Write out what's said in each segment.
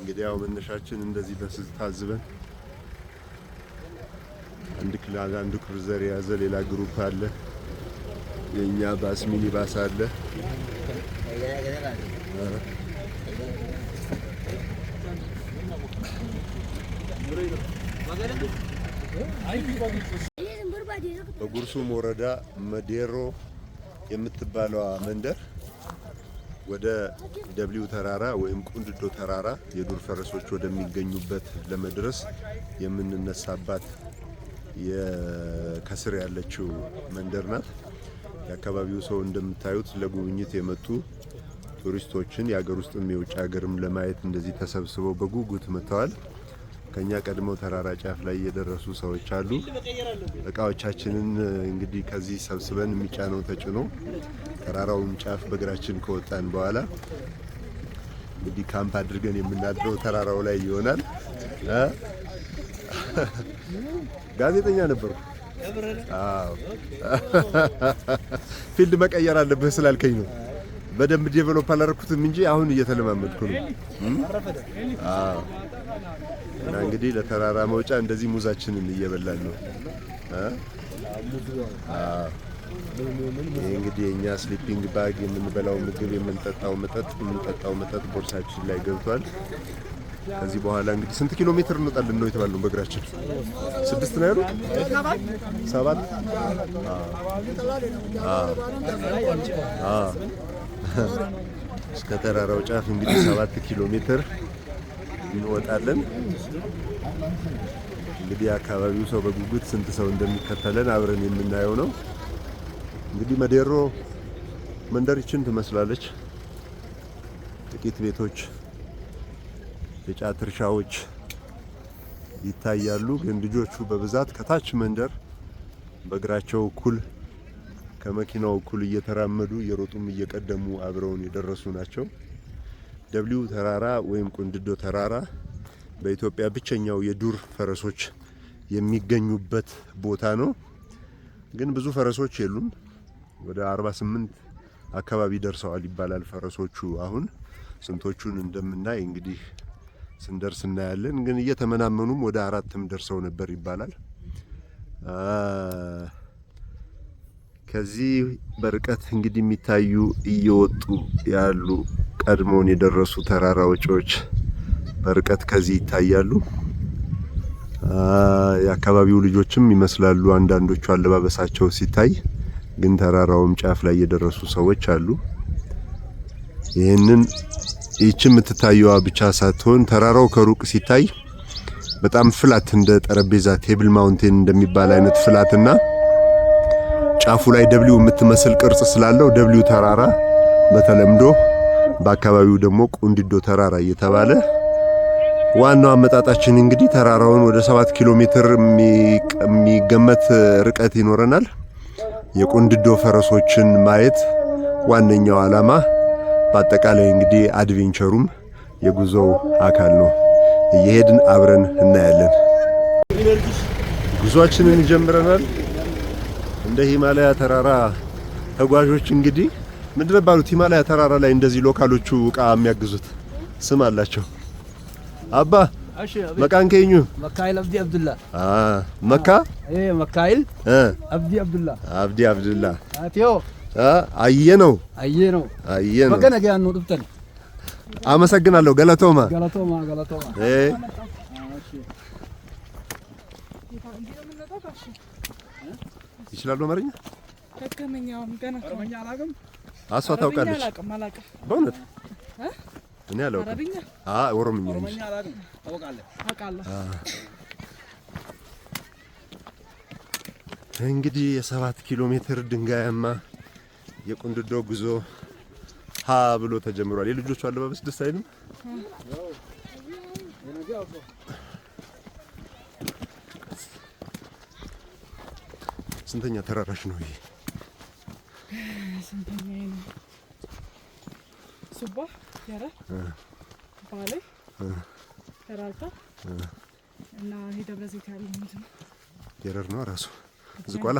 እንግዲህ ያው መነሻችን እንደዚህ በስልት ታዝበን አንድ ክላል አንድ ክሩዘር የያዘ ሌላ ግሩፕ አለ። የእኛ ባስ ሚኒ ባስ አለ። በጉርሱም ወረዳ መዴሮ የምትባለዋ መንደር ወደ ደብሊው ተራራ ወይም ቁንድዶ ተራራ የዱር ፈረሶች ወደሚገኙበት ለመድረስ የምንነሳባት ከስር ያለችው መንደር ናት። የአካባቢው ሰው እንደምታዩት ለጉብኝት የመጡ ቱሪስቶችን የሀገር ውስጥም የውጭ ሀገርም ለማየት እንደዚህ ተሰብስበው በጉጉት መጥተዋል። ከኛ ቀድመው ተራራ ጫፍ ላይ የደረሱ ሰዎች አሉ። እቃዎቻችንን እንግዲህ ከዚህ ሰብስበን የሚጫነው ተጭኖ ተራራውን ጫፍ በእግራችን ከወጣን በኋላ እንግዲህ ካምፕ አድርገን የምናድረው ተራራው ላይ ይሆናል። ጋዜጠኛ ነበርኩ። ፊልድ መቀየር አለብህ ስላልከኝ ነው። በደንብ ዴቨሎፕ አላደረኩትም እንጂ አሁን እየተለማመድኩ ነው። እና እንግዲህ ለተራራ መውጫ እንደዚህ ሙዛችንን እየበላን ነው። ይህ እንግዲህ የእኛ ስሊፒንግ ባግ፣ የምንበላው ምግብ፣ የምንጠጣው መጠጥ የምንጠጣው መጠጥ ቦርሳችን ላይ ገብቷል። ከዚህ በኋላ እንግዲህ ስንት ኪሎ ሜትር እንወጣለን ነው የተባለው? በእግራችን ስድስት ነው ያሉ ሰባት እስከ ተራራው ጫፍ እንግዲህ ሰባት ኪሎ ሜትር እንወጣለን። እንግዲህ አካባቢው ሰው በጉጉት ስንት ሰው እንደሚከተለን አብረን የምናየው ነው። እንግዲህ መዴሮ መንደሪችን ትመስላለች። ጥቂት ቤቶች፣ የጫት እርሻዎች ይታያሉ። ግን ልጆቹ በብዛት ከታች መንደር በእግራቸው እኩል ከመኪናው እኩል እየተራመዱ እየሮጡም እየቀደሙ አብረውን የደረሱ ናቸው። ደብሊው ተራራ ወይም ቁንድዶ ተራራ በኢትዮጵያ ብቸኛው የዱር ፈረሶች የሚገኙበት ቦታ ነው። ግን ብዙ ፈረሶች የሉም። ወደ 48 አካባቢ ደርሰዋል ይባላል ፈረሶቹ። አሁን ስንቶቹን እንደምናይ እንግዲህ ስንደርስ እናያለን። ግን እየተመናመኑም ወደ አራትም ደርሰው ነበር ይባላል። ከዚህ በርቀት እንግዲህ የሚታዩ እየወጡ ያሉ ቀድሞውን የደረሱ ተራራ ወጪዎች በርቀት ከዚህ ይታያሉ። የአካባቢው ልጆችም ይመስላሉ አንዳንዶቹ አለባበሳቸው ሲታይ፣ ግን ተራራውም ጫፍ ላይ የደረሱ ሰዎች አሉ። ይህንን ይህች የምትታየዋ ብቻ ሳትሆን ተራራው ከሩቅ ሲታይ በጣም ፍላት እንደ ጠረጴዛ ቴብል ማውንቴን እንደሚባል አይነት ፍላትና ጫፉ ላይ ደብሊው የምትመስል ቅርጽ ስላለው ደብሊው ተራራ በተለምዶ በአካባቢው ደግሞ ቁንዲዶ ተራራ እየተባለ ዋናው አመጣጣችን እንግዲህ ተራራውን ወደ ሰባት ኪሎ ሜትር የሚገመት ርቀት ይኖረናል። የቁንዲዶ ፈረሶችን ማየት ዋነኛው ዓላማ፣ በአጠቃላይ እንግዲህ አድቬንቸሩም የጉዞው አካል ነው። እየሄድን አብረን እናያለን። ጉዞአችንን ጀምረናል። እንደ ሂማላያ ተራራ ተጓዦች እንግዲህ ምንድነው ነው የሚባሉት? ሂማላያ ተራራ ላይ እንደዚህ ሎካሎቹ እቃ የሚያግዙት ስም አላቸው። አባ መቃን ከኙ መካይል አብዲ አብዱላ አ መካ መካይል አብዲ አብዱላ አብዲ አብዱላ አትዮ አየ ነው አየ ነው አየ ነው በቀነገ ያኑ ጥብተን አመሰግናለሁ። ገለቶማ ገለቶማ ገለቶማ እ ይችላሉ አማርኛ አሷ ታውቃለች። በእውነት እኔ አላውቅም። አዎ ኦሮምኛ እንጂ እንግዲህ የሰባት ኪሎ ሜትር ድንጋያማ የቁንድዶ ጉዞ ሀ ብሎ ተጀምሯል። የልጆቹ አለባበስ ደስ አይልም። ስንተኛ ተራራሽ ነው ይሄ? ಸುಬ್ಬ ಯಾರ ಬಾಲೆ ተራርታ እና ይሄ ደብረ ዘይት ያለ የረር ነው ራሱ ዝቋላ።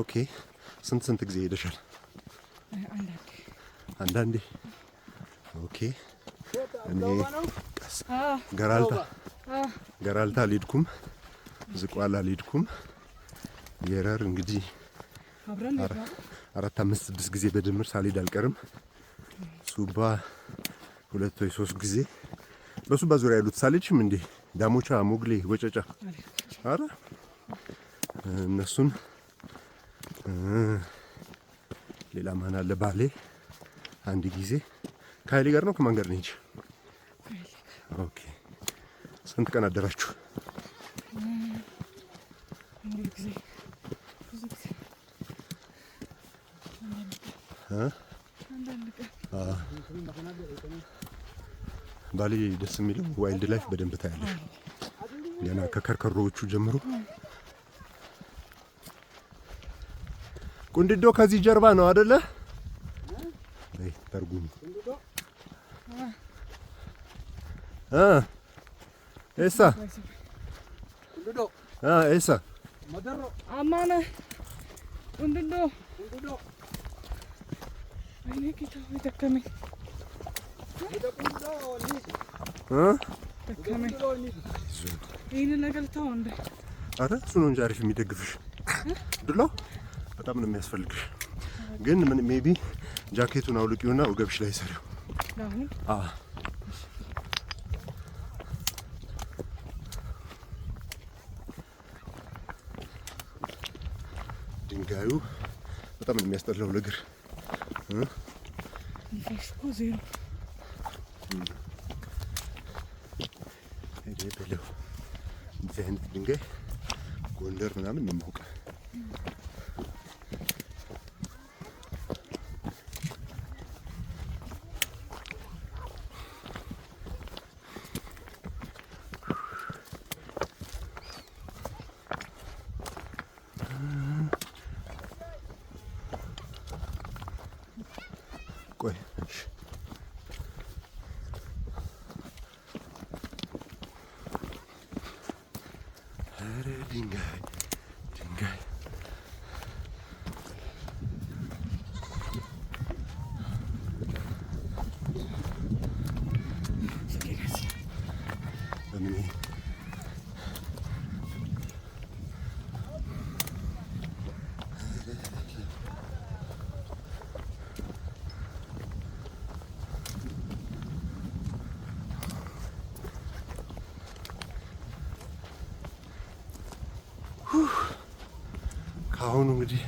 ኦኬ ስንት ስንት ጊዜ ሄደሻል? አንዳንዴ። ኦኬ እኔ ገራልታ ገራልታ አልሄድኩም፣ ዝቋላ አልሄድኩም። የረር እንግዲህ አራት አምስት ስድስት ጊዜ በድምር ሳልሄድ አልቀርም። ሱባ ሁለት ወይ ሶስት ጊዜ በሱባ ዙሪያ ያሉት ሳልሄድሽም እንዴ ዳሞቻ፣ ሞግሌ፣ ወጨጫ አረ እነሱን ሌላ ማን አለ? ባሌ አንድ ጊዜ ከኃይሌ ጋር ነው። ከማን ጋር ነች? ኦኬ ስንት ቀን አደራችሁ? ባሌ ደስ የሚለው ዋይልድ ላይፍ በደንብ ታያለሽ። ገና ከከርከሮዎቹ ጀምሮ ቁንድዶ ከዚህ ጀርባ ነው አደለ? ተርጉም ኤሳ ኤሳ አማነ ቁንድዶ እሱ ነው እንጂ አሪፍ የሚደግፍሽ ዱላው በጣም ነው የሚያስፈልግሽ። ግን ምን ሜቢ ጃኬቱን አውልቂውና ወገብሽ ላይ ሰሪው ድንጋዩ በጣም ነው የሚያስጠላው ለእግር Esclusivo. እንደዚህ አይነት ድንጋይ ጎንደር ምናምን ነው የማውቀው። nothing. አሁን እንግዲህ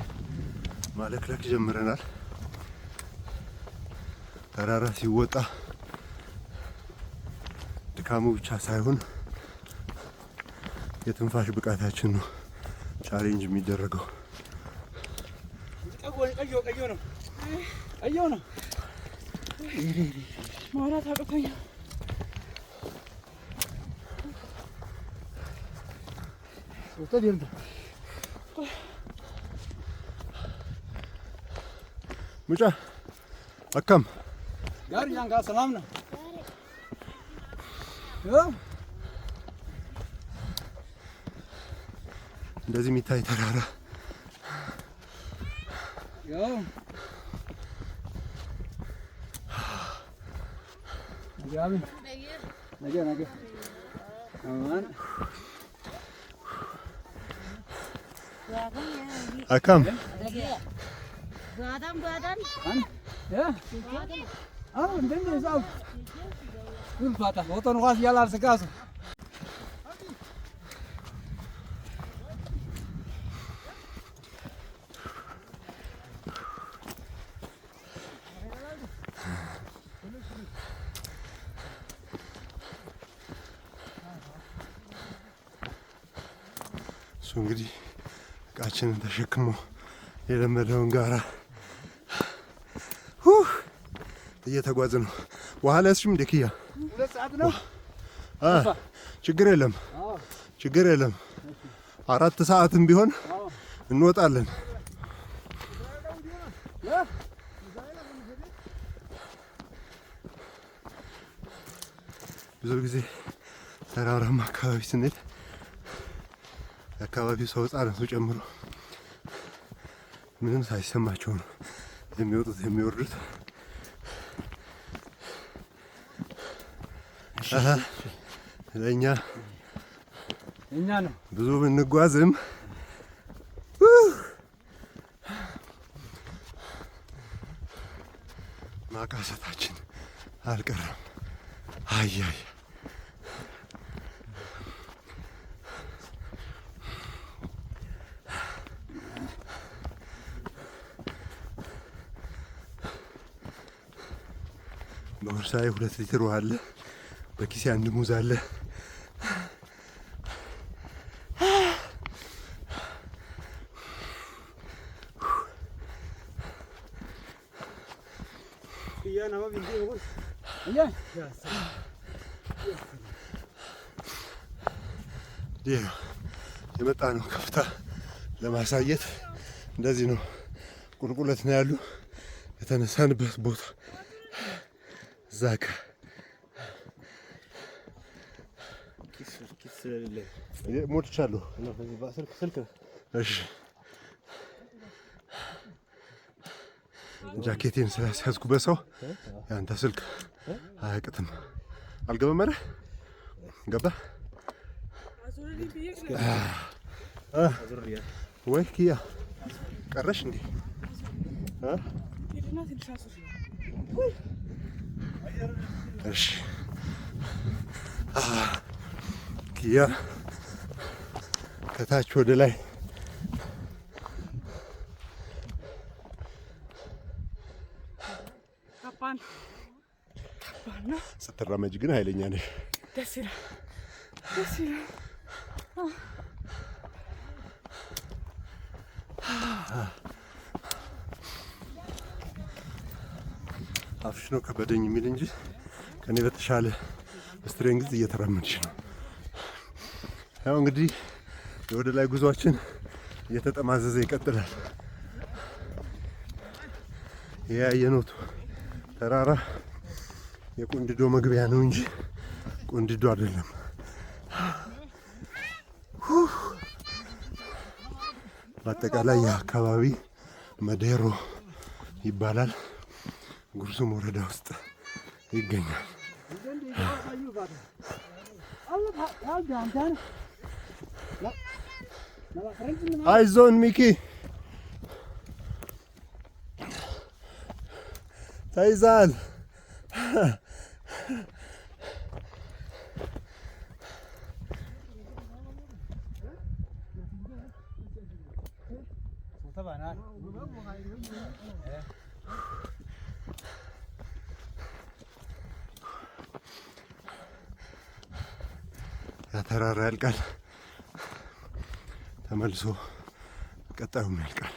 ማለክለክ ጀምረናል። ተራራ ሲወጣ ድካሙ ብቻ ሳይሆን የትንፋሽ ብቃታችን ነው ቻሌንጅ የሚደረገው። ቀየው ነው ማውራት አቅቶኛል። Muca. akam. Gör yan kalsın amına. Yok. Dezi mi tay tarara. Yok. Hadi abi. Ne gel? Ne gel Aman. Akam. Ne gel? እሱ እንግዲህ እቃችንን ተሸክሞ የለመደውን ጋራ እየተጓዝ ነው። ውሃ ላስሽም እንዴ ክያ ሁለት ሰዓት ነው። ችግር የለም ችግር የለም። አራት ሰዓትም ቢሆን እንወጣለን። ብዙ ጊዜ ተራራማ አካባቢ ስንሄድ የአካባቢው ሰው ሕፃናቱ ጨምሮ ምንም ሳይሰማቸው ነው የሚወጡት የሚወርዱት። ለእኛ እኛ ነው ብዙ ብንጓዝም ማቃሰታችን አልቀረም። አያይ በወርሳዬ ሁለት ሊትር ውሃ አለ። በኪሴ አንድ ሙዝ አለ። የመጣ ነው ከፍታ ለማሳየት እንደዚህ ነው። ቁልቁለት ነው ያሉ የተነሳንበት ቦታ እዛ ሞትቻለሁ። ስልክ ስልክ እሺ ጃኬቴን ስለያዝኩ በሰው ያንተ ስልክ አያቅትም። አልገባም አይደል? ገባ ወይ? ኪያ ቀረሽ እንዴ? እሺ ኮፍያ ከታች ወደ ላይ ስትራመጅ ግን ኃይለኛ ነሽ። ደስ ይላል፣ ደስ ይላል። አፍሽ ነው ከበደኝ የሚል እንጂ ከኔ በተሻለ ስትሬንግዝ እየተራመድሽ ነው። ያው እንግዲህ የወደ ላይ ጉዟችን እየተጠማዘዘ ይቀጥላል። የያየኖቱ ተራራ የቁንድዶ መግቢያ ነው እንጂ ቁንድዶ አይደለም። በአጠቃላይ የአካባቢ መደሮ ይባላል። ጉርሱም ወረዳ ውስጥ ይገኛል። ايزون ميكي تايزان يا ترى رجال ተመልሶ ቀጣዩም ያልቃል።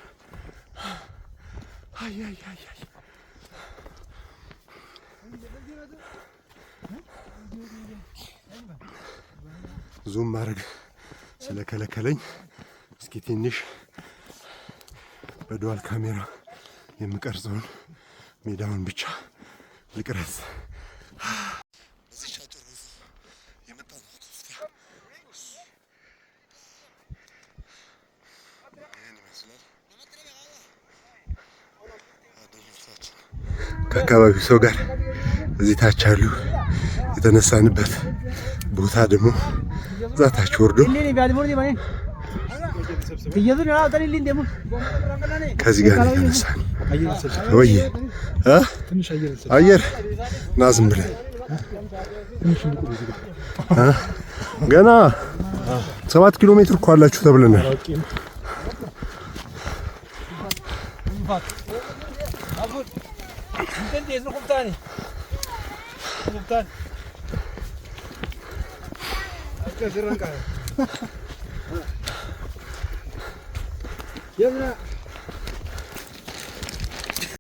ዙም ማድረግ ስለከለከለኝ እስኪ ትንሽ በዱዋል ካሜራ የምቀርጸውን ሜዳውን ብቻ ልቅረጽ። አካባቢው ሰው ጋር እዚህ ታች አሉ። የተነሳንበት ቦታ ደግሞ እዛ ታች ወርዶ ከዚህ ጋር የተነሳን ወይ አየር ናዝም ብለን ገና ሰባት ኪሎ ሜትር እኮ አላችሁ ተብለናል። Senti, ești cuptani. Cuptani. Că se râncare. Ia vrea.